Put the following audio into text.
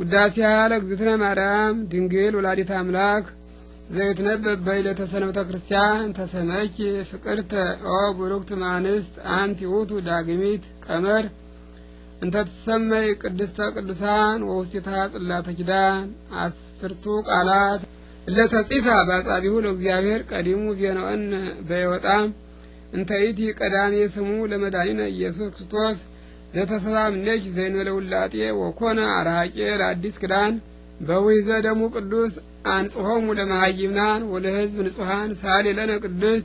ያለ ለእግዝእትነ ማርያም ድንግል ወላዲት አምላክ ዘይትነበብ በይለተ ሰንበተ ክርስቲያን ተሰመኪ ፍቅርተ ኦ ቡሩክት ማንስት አንቲ ውእቱ ዳግሚት ቀመር እንተ ትሰመይ ቅድስተ ቅዱሳን ወውስጢታ ጽላተ ኪዳን አስርቱ ቃላት እለተ ጺፋ በአጻቢሁ ለእግዚአብሔር ቀዲሙ ዜናውን በይወጣ እንተ ይእቲ ቀዳሜ ስሙ ለመድኃኒነ ኢየሱስ ክርስቶስ ዘተሰባምኔች ዘይንበለ ውላጤ ወኮነ አርሃቄ ለአዲስ ክዳን በውይዘ ደሙ ቅዱስ አንጽሖሙ ለመሃይምናን ወለሕዝብ ንጹሐን ሳሌ ለነ ቅድስት